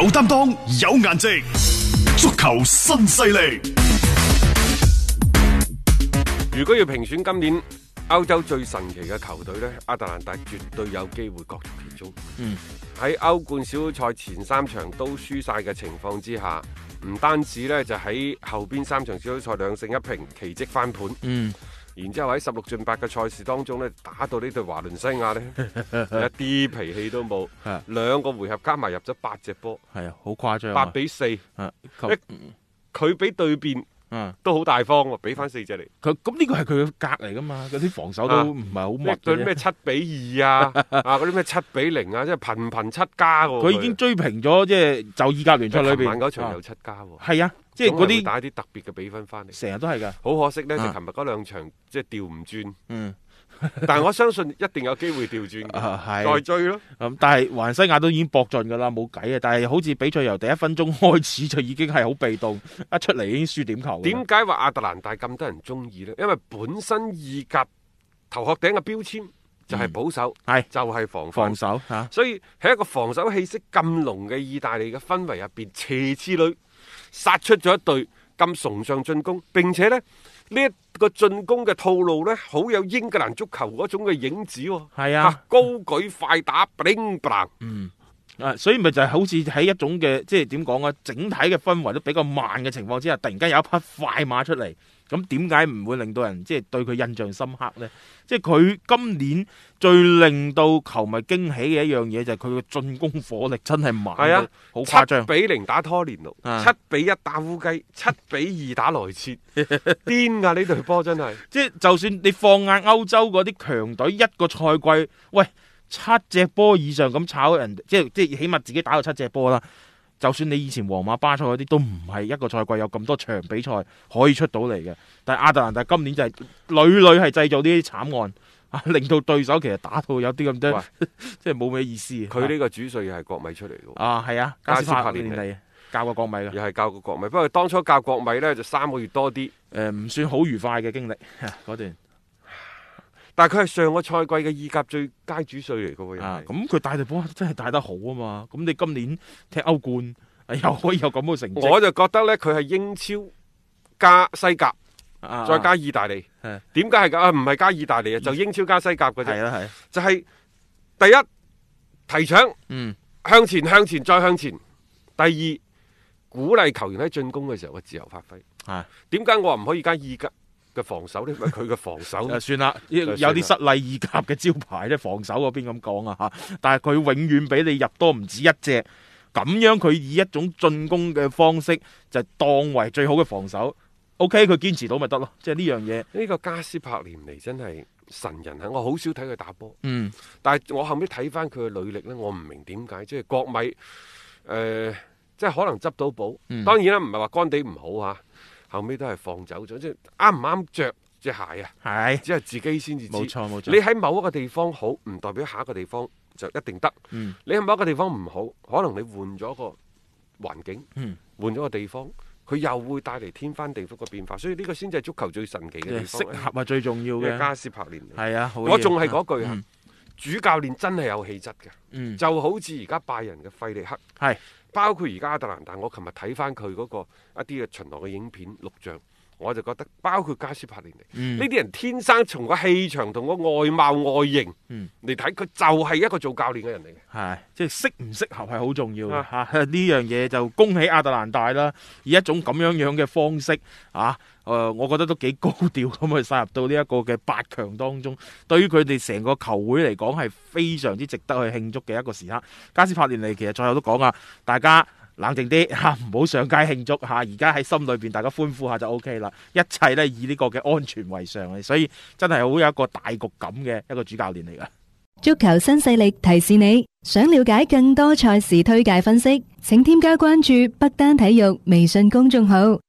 有擔當，有顏值，足球新勢力。如果要評選今年歐洲最神奇嘅球隊呢，阿特蘭大絕對有機會角逐其中。嗯，喺歐冠小組賽前三場都輸晒嘅情況之下，唔單止呢就喺後邊三場小組賽兩勝一平，奇跡翻盤。嗯。然之後喺十六進八嘅賽事當中咧，打到呢隊華倫西亞咧， 一啲脾氣都冇， 兩個回合加埋入咗八隻波，係啊，好誇張，八比四 佢比對邊？啊，嗯、都好大方喎，俾翻四隻嚟。佢咁呢個係佢嘅格嚟噶嘛，嗰啲防守都唔係好穩。啊、對咩七比二啊？啊，嗰啲咩七比零啊，即係頻頻七加。佢已經追平咗，即係就意、是、甲聯賽裏邊。晚嗰場又七加。係啊，即係嗰啲。帶啲、啊就是、特別嘅比分翻嚟。成日都係噶。好可惜咧，就琴、是、日嗰兩場、啊、即係調唔轉。嗯。 但我相信一定有機會調轉，呃、再追咯。咁、嗯、但係，環西亞都已經搏盡噶啦，冇計啊。但係好似比賽由第一分鐘開始就已經係好被動，一出嚟已經輸點球。點解話亞特蘭大咁多人中意呢？因為本身意甲頭殼頂嘅標籤就係保守，係、嗯、就係防防守吓。啊、所以喺一個防守氣息咁濃嘅意大利嘅氛圍入邊，斜刺裡殺出咗一隊。咁崇尚進攻，並且咧呢一個進攻嘅套路咧，好有英格蘭足球嗰種嘅影子。係啊，高舉快打，bling bling。嗯，啊，所以咪就係好似喺一種嘅，即係點講啊？整體嘅氛圍都比較慢嘅情況之下，突然間有一匹快馬出嚟。咁點解唔會令到人即係對佢印象深刻呢？即係佢今年最令到球迷驚喜嘅一樣嘢就係佢嘅進攻火力真係猛，係啊，好誇張！七比零打拖連奴，啊、七比一打烏雞，七比二打來切，癲㗎呢隊波真係！即係 就，就算你放眼歐洲嗰啲強隊，一個賽季喂七隻波以上咁炒人，即係即係起碼自己打到七隻波啦。就算你以前皇馬、巴塞嗰啲都唔係一個賽季有咁多場比賽可以出到嚟嘅，但係亞特蘭大今年就係屢屢係製造呢啲慘案，啊，令到對手其實打到有啲咁多，即係冇咩意思。佢呢個主帥又係國米出嚟嘅，啊係啊，啊加斯佩里尼嚟教過國米嘅，又係教過國米。不過當初教國米咧就三個月多啲，誒唔、呃、算好愉快嘅經歷 段。但係佢係上個賽季嘅意甲最佳主帥嚟嘅喎，咁佢帶隊波真係帶得好啊嘛！咁你今年踢歐冠又可以有咁嘅成績，我就覺得咧佢係英超加西甲啊啊再加意大利，點解係噶？唔係、啊、加意大利啊，的就英超加西甲嗰隻，就係第一提倡、嗯、向前向前再向前，第二鼓勵球員喺進攻嘅時候嘅自由發揮。點解的的我唔可以加意甲？嘅防守咧，佢、就、嘅、是、防守 算啦了，算有啲失禮二甲嘅招牌咧，防守嗰邊咁講啊吓。但係佢永遠俾你入多唔止一隻，咁樣佢以一種進攻嘅方式就是、當為最好嘅防守。O K，佢堅持到咪得咯，即係呢樣嘢。呢個加斯柏連尼真係神人啊！我好少睇佢打波，嗯，但係我後尾睇翻佢嘅履歷咧，我唔明點解即係國米誒、呃，即係可能執到寶。嗯、當然啦，唔係話干地唔好吓。後尾都係放走咗，即係啱唔啱着隻鞋啊？係的，只係自己先至知道。冇錯冇錯。你喺某一個地方好，唔代表下一個地方就一定得。嗯，你喺某一個地方唔好，可能你換咗個環境，嗯，換咗個地方，佢又會帶嚟天翻地覆嘅變化。所以呢個先至係足球最神奇嘅地方，適合啊，最重要嘅。加斯柏連，係啊，我仲係嗰句啊，嗯，主教練真係有氣質㗎。嗯，就好似而家拜仁嘅費力克。係的。包括而家阿特蘭大，我琴日睇翻佢嗰個一啲嘅巡邏嘅影片錄像。我就覺得，包括加斯帕連尼，呢啲、嗯、人天生從個氣場同個外貌外形嚟睇，佢、嗯、就係一個做教練嘅人嚟嘅。係，即係適唔適合係好重要嘅。呢樣嘢就恭喜亞特蘭大啦，以一種咁樣樣嘅方式啊，誒、呃，我覺得都幾高調咁去殺入到呢一個嘅八強當中，對於佢哋成個球會嚟講係非常之值得去慶祝嘅一個時刻。加斯帕連尼其實最後都講噶，大家。冷靜啲吓，唔好上街慶祝吓。而家喺心裏邊，大家歡呼下就 OK 啦。一切咧以呢個嘅安全為上，所以真係好有一個大局感嘅一個主教練嚟㗎。足球新勢力提示你，想了解更多賽事推介分析，請添加關注北單體育微信公眾號。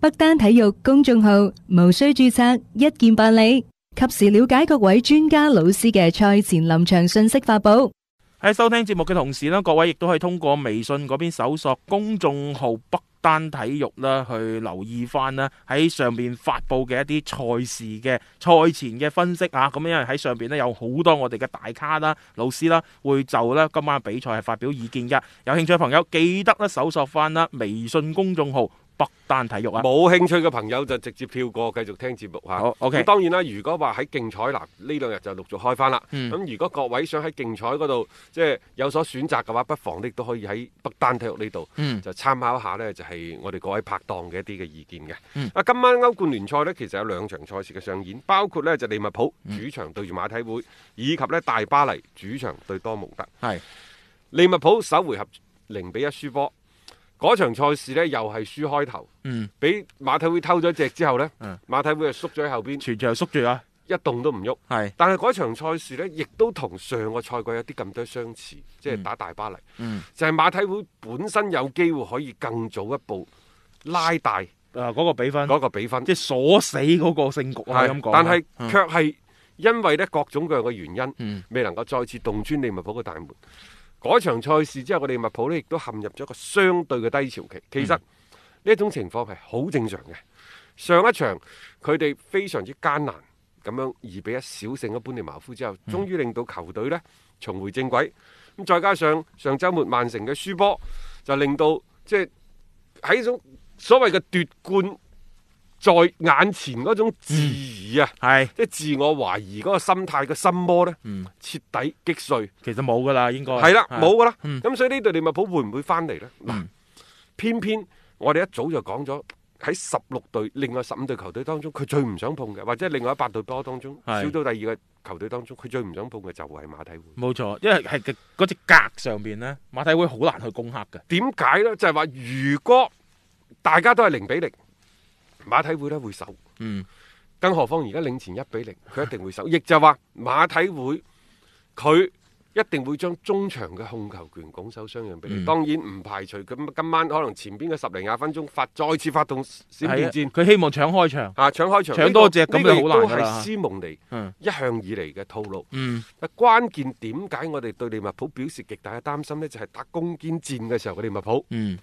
北單體育公眾號無需注冊，一鍵辦理，及時了解各位專家老師嘅賽前臨場信息發布。喺收聽節目嘅同時咧，各位亦都可以通過微信嗰邊搜索公眾號北單體育啦，去留意翻啦。喺上面發佈嘅一啲賽事嘅賽前嘅分析啊，咁因為喺上邊呢，有好多我哋嘅大咖啦、老師啦，會就呢今晚嘅比賽係發表意見㗎。有興趣嘅朋友記得咧搜索翻啦微信公眾號。北單體育啊，冇興趣嘅朋友就直接跳過，繼續聽節目吓。好，OK。當然啦，如果話喺競彩嗱，呢兩日就陸續開翻啦。咁如果各位想喺競彩嗰度，即係有所選擇嘅話，不妨呢都可以喺北單體育呢度，就參考下呢，就係我哋各位拍檔嘅一啲嘅意見嘅。啊，今晚歐冠聯賽呢，其實有兩場賽事嘅上演，包括呢，就利物浦主場對住馬體會，以及呢大巴黎主場對多蒙特。係。利物浦首回合零比一輸波。嗰場賽事咧，又係輸開頭，嗯，俾馬體會偷咗隻之後呢，嗯，馬體會就縮咗喺後邊，全場縮住啊，一動都唔喐，係。但係嗰場賽事呢，亦都同上個賽季有啲咁多相似，即係打大巴黎，就係馬體會本身有機會可以更早一步拉大，啊，嗰個比分，嗰個比分，即係鎖死嗰個勝局啊，咁講。但係卻係因為呢各種各樣嘅原因，未能夠再次洞穿利物浦嘅大門。嗰場賽事之後，我哋利物浦呢亦都陷入咗一個相對嘅低潮期。其實呢、嗯、種情況係好正常嘅。上一場佢哋非常之艱難咁樣二比一小勝咗般尼茅夫之後，終於令到球隊呢重回正軌。咁再加上上週末曼城嘅輸波，就令到即係喺種所謂嘅奪冠。在眼前嗰種質疑啊，係即係自我懷疑嗰個心態嘅心魔咧，徹底擊碎。其實冇噶啦，應該係啦，冇噶啦。咁所以呢隊利物浦會唔會翻嚟咧？嗱，偏偏我哋一早就講咗喺十六隊另外十五隊球隊當中，佢最唔想碰嘅，或者另外一百隊波當中少到第二嘅球隊當中，佢最唔想碰嘅就係馬體會。冇錯，因為係嗰隻格上面呢，馬體會好難去攻克嘅。點解咧？就係話如果大家都係零比零。馬體會呢會守，嗯，更何況而家領前一比零，佢一定會守。亦就係話馬體會佢一定會將中場嘅控球權拱手相讓俾你。當然唔排除佢今晚可能前邊嘅十零廿分鐘發再次發動閃電戰，佢希望搶開場，吓搶開場搶多隻咁就好難啦。係斯蒙尼一向以嚟嘅套路。嗯，關鍵點解我哋對利物浦表示極大嘅擔心呢？就係打攻堅戰嘅時候，佢哋利物浦。嗯。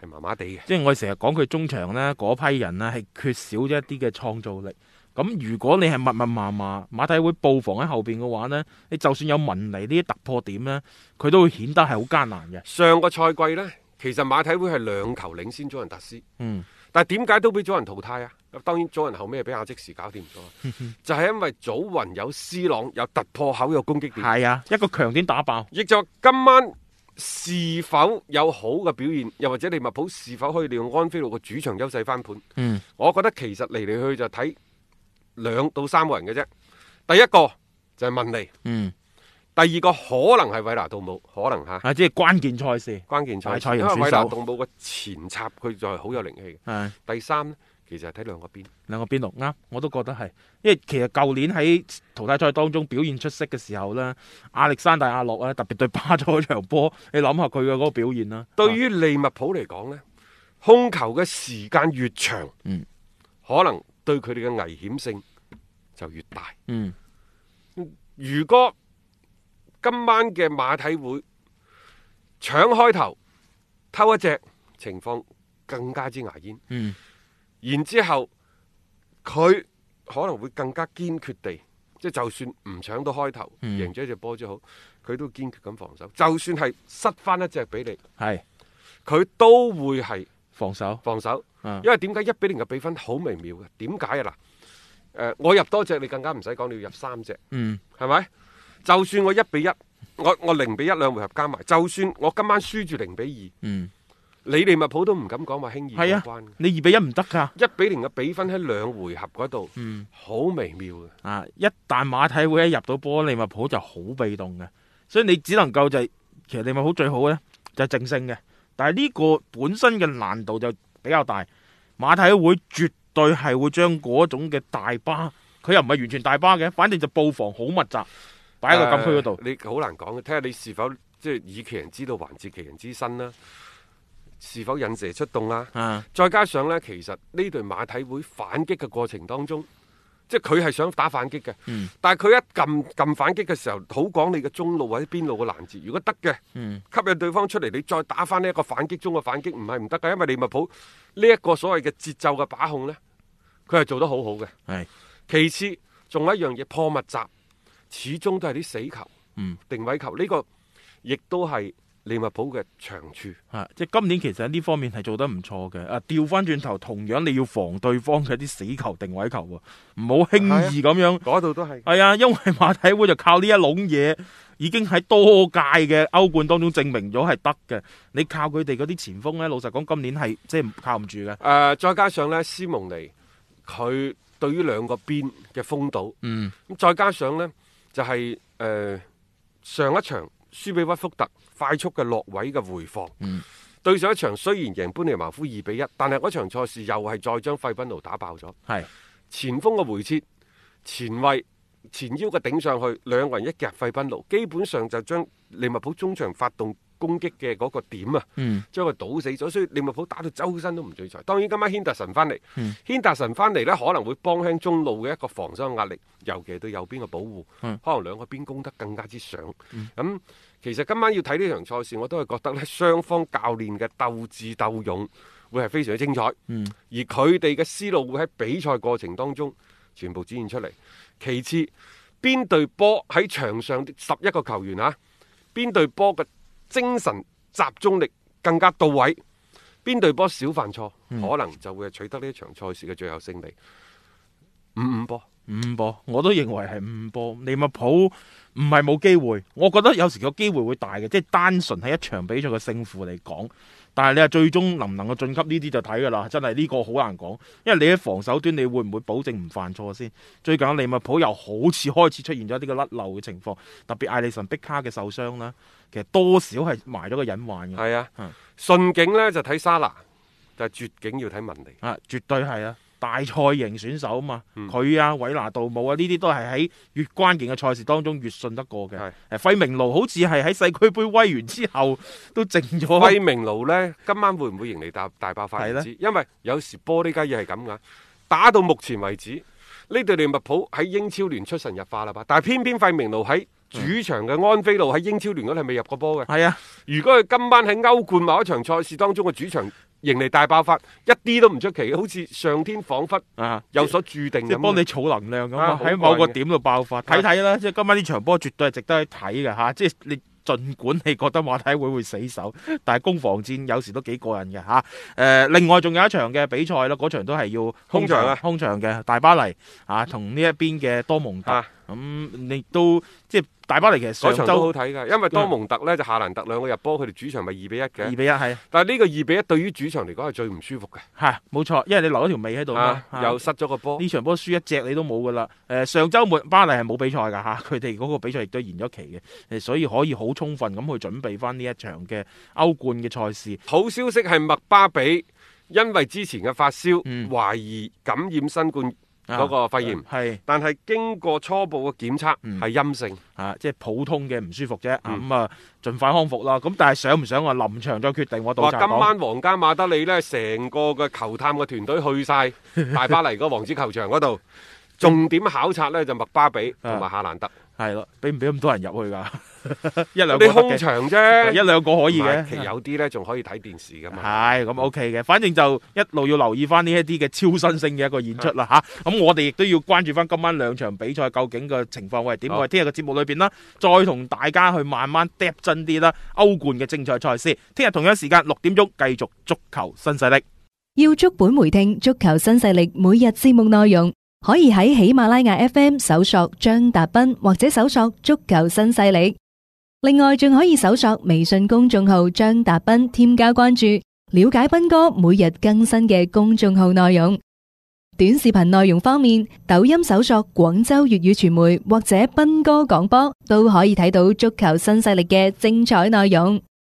係麻麻地嘅，即係我哋成日講佢中場咧嗰批人呢，係缺少咗一啲嘅創造力。咁如果你係密密麻麻馬體會布防喺後邊嘅話呢，你就算有文尼呢啲突破點呢，佢都會顯得係好艱難嘅。上個賽季呢，其實馬體會係兩球領先祖雲達斯，嗯，但係點解都俾祖雲淘汰啊？當然祖雲後尾俾阿即時搞掂咗， 就係因為祖雲有 C 朗有突破口有攻擊點，係啊，一個強點打爆。亦就今晚。是否有好嘅表現，又或者利物浦是否可以利用安菲路嘅主場優勢翻盤？嗯，我覺得其實嚟嚟去就睇兩到三個人嘅啫。第一個就係文尼，嗯，第二個可能係韋納杜姆，可能吓，啊，即係關鍵賽事、關鍵賽事，事因為韋納杜姆嘅前插，佢就係好有靈氣嘅。第三。其實睇兩個邊，兩個邊路啱，我都覺得係，因為其實舊年喺淘汰賽當中表現出色嘅時候咧，亞歷山大阿諾啊，特別對巴塞嗰場波，你諗下佢嘅嗰個表現啦。對於利物浦嚟講咧，控球嘅時間越長，嗯，可能對佢哋嘅危險性就越大。嗯，如果今晚嘅馬體會搶開頭偷一隻，情況更加之牙煙。嗯。然之後佢可能會更加堅決地，即就算唔搶到開頭，嗯、贏咗一隻波就好，佢都堅決咁防守。就算係失翻一隻俾你，係佢是都會係防守，防守。嗯、因為點解一比零嘅比分好微妙嘅？點解啊？我入多隻，你更加唔使講，你要入三隻，嗯，係咪？就算我一比一，我我零比一兩回合加埋，就算我今晚輸住零比二，嗯。你利物浦都唔敢講話輕易過關、啊，你二比一唔得噶，一比零嘅比分喺兩回合嗰度，好、嗯、微妙嘅。啊，一旦馬體會一入到波，利物浦就好被動嘅，所以你只能夠就係、其實利物浦最好咧就係正勝嘅，但係呢個本身嘅難度就比較大。馬體會絕對係會將嗰種嘅大巴，佢又唔係完全大巴嘅，反正就布防好密集，擺喺個禁區嗰度，你好難講嘅。睇下你是否即係以其人之道還治其人之身啦。是否引蛇出洞啦、啊？Uh huh. 再加上呢，其實呢隊馬體會反擊嘅過程當中，即係佢係想打反擊嘅。Mm hmm. 但係佢一撳撳反擊嘅時候，好講你嘅中路或者邊路嘅攔截。如果得嘅，mm hmm. 吸引對方出嚟，你再打翻呢一個反擊中嘅反擊，唔係唔得噶，因為利物浦呢一個所謂嘅節奏嘅把控呢，佢係做得好好嘅。係、uh，huh. 其次仲有一樣嘢破密集，始終都係啲死球，mm hmm. 定位球呢、呢個亦都係。利物浦嘅長處，啊，即係今年其實喺呢方面係做得唔錯嘅。啊，調翻轉頭，同樣你要防對方嘅啲死球定位球喎，唔好輕易咁、啊、樣。嗰度都係係啊，因為馬體會就靠呢一籠嘢，已經喺多屆嘅歐冠當中證明咗係得嘅。你靠佢哋嗰啲前鋒咧，老實講，今年係即係靠唔住嘅。誒、呃，再加上咧，斯蒙尼佢對於兩個邊嘅封堵，嗯，咁再加上咧，就係、是、誒、呃、上一場輸俾屈福特。快速嘅落位嘅回防，嗯、對上一場雖然贏般尼茅夫二比一，但係嗰場賽事又係再將費賓奴打爆咗。係是前鋒嘅回撤、前衛前腰嘅頂上去，兩個人一夾費賓奴，基本上就將利物浦中場發動。攻擊嘅嗰個點啊，將佢堵死咗，所以利物浦打到周身都唔聚財。當然今晚軒達臣翻嚟，軒達臣翻嚟呢可能會幫輕中路嘅一個防守壓力，尤其對右邊嘅保護，嗯、可能兩個邊攻得更加之上。咁、嗯嗯、其實今晚要睇呢場賽事，我都係覺得呢雙方教練嘅鬥智鬥勇會係非常之精彩。嗯、而佢哋嘅思路會喺比賽過程當中全部展現出嚟。其次，邊隊波喺場上十一個球員啊，邊隊波嘅。精神集中力更加到位，邊隊波少犯錯，嗯、可能就會取得呢一場賽事嘅最後勝利。五五波，五五波，我都認為係五五波。利物浦唔係冇機會，我覺得有時個機會會大嘅，即係單純係一場比賽嘅勝負嚟講。但係你話最終能唔能夠晉級呢啲就睇㗎喇，真係呢個好難講，因為你喺防守端你會唔會保證唔犯錯先？最近，利物浦又好似開始出現咗呢個甩漏嘅情況，特別艾利臣碧卡嘅受傷啦，其實多少係埋咗個隱患嘅。係啊，順境咧就睇沙拿，但、就、係、是、絕境要睇文尼，啊，絕對係啊。大賽型選手啊嘛，佢、嗯、啊韋拿杜姆啊呢啲都係喺越關鍵嘅賽事當中越信得過嘅。誒是、呃、費明奴好似係喺世俱杯威完之後都靜咗。費明奴呢，今晚會唔會迎嚟大大爆發唔知，的因為有時波呢家嘢係咁噶。打到目前為止，呢對利物浦喺英超聯出神入化啦吧，但係偏偏費明奴喺主場嘅安菲路喺英超聯嗰度係未入過波嘅。係啊的，如果佢今晚喺歐冠某一場賽事當中嘅主場。迎嚟大爆發，一啲都唔出奇，好似上天仿佛啊有所注定、啊、即係幫你儲能量咁喺、啊、某個點度爆發，睇睇啦，即係、啊、今晚呢場波絕對係值得去睇嘅吓，即係你盡管你覺得馬體會會死守，但係攻防戰有時都幾過癮嘅吓。誒、啊呃，另外仲有一場嘅比賽咯，嗰場都係要空場空場嘅、啊、大巴黎啊，同呢一邊嘅多蒙特。啊咁、嗯、你都即係大巴黎其實嗰場都好睇噶，因為多蒙特咧、嗯、就夏蘭特兩個入波，佢哋主場咪二比一嘅。二比一係。但係呢個二比一對於主場嚟講係最唔舒服嘅。係、啊，冇錯，因為你留咗條尾喺度啦。啊啊、又失咗個波。呢場波輸一隻你都冇噶啦。誒、呃，上週末巴黎係冇比賽噶吓，佢哋嗰個比賽亦都延咗期嘅，所以可以好充分咁去準備翻呢一場嘅歐冠嘅賽事。好消息係麥巴比因為之前嘅發燒懷、嗯、疑感染新冠。嗰個肺炎係，啊、但係經過初步嘅檢測係陰性，嚇、嗯啊、即係普通嘅唔舒服啫。咁啊、嗯，儘、嗯、快康復啦。咁但係想唔想我臨場再決定我。我到今晚皇家馬德里咧，成個嘅球探嘅團隊去晒大巴黎個王子球場嗰度， 重點考察咧就麥巴比同埋、啊、夏蘭德。係咯，俾唔俾咁多人入去㗎？ 一兩個空場啫，一兩個可以嘅。其實有啲咧仲可以睇電視噶嘛。係咁 OK 嘅，反正就一路要留意翻呢一啲嘅超新星嘅一個演出啦。吓咁、 啊嗯，我哋亦都要關注翻今晚兩場比賽究竟嘅情況會係點。我哋聽日嘅節目裏邊啦，再同大家去慢慢嗒真啲啦。歐冠嘅精彩賽事，聽日同樣時間六點鐘繼續足球新勢力。要足本回聽足球新勢力每日節目內容，可以喺喜馬拉雅 F M 搜索張達斌，或者搜索足球新勢力。另外，仲可以搜索微信公眾號張達斌，添加關注，了解斌哥每日更新嘅公眾號內容。短視頻內容方面，抖音搜索廣州粵語傳媒或者斌哥廣播，都可以睇到足球新勢力嘅精彩內容。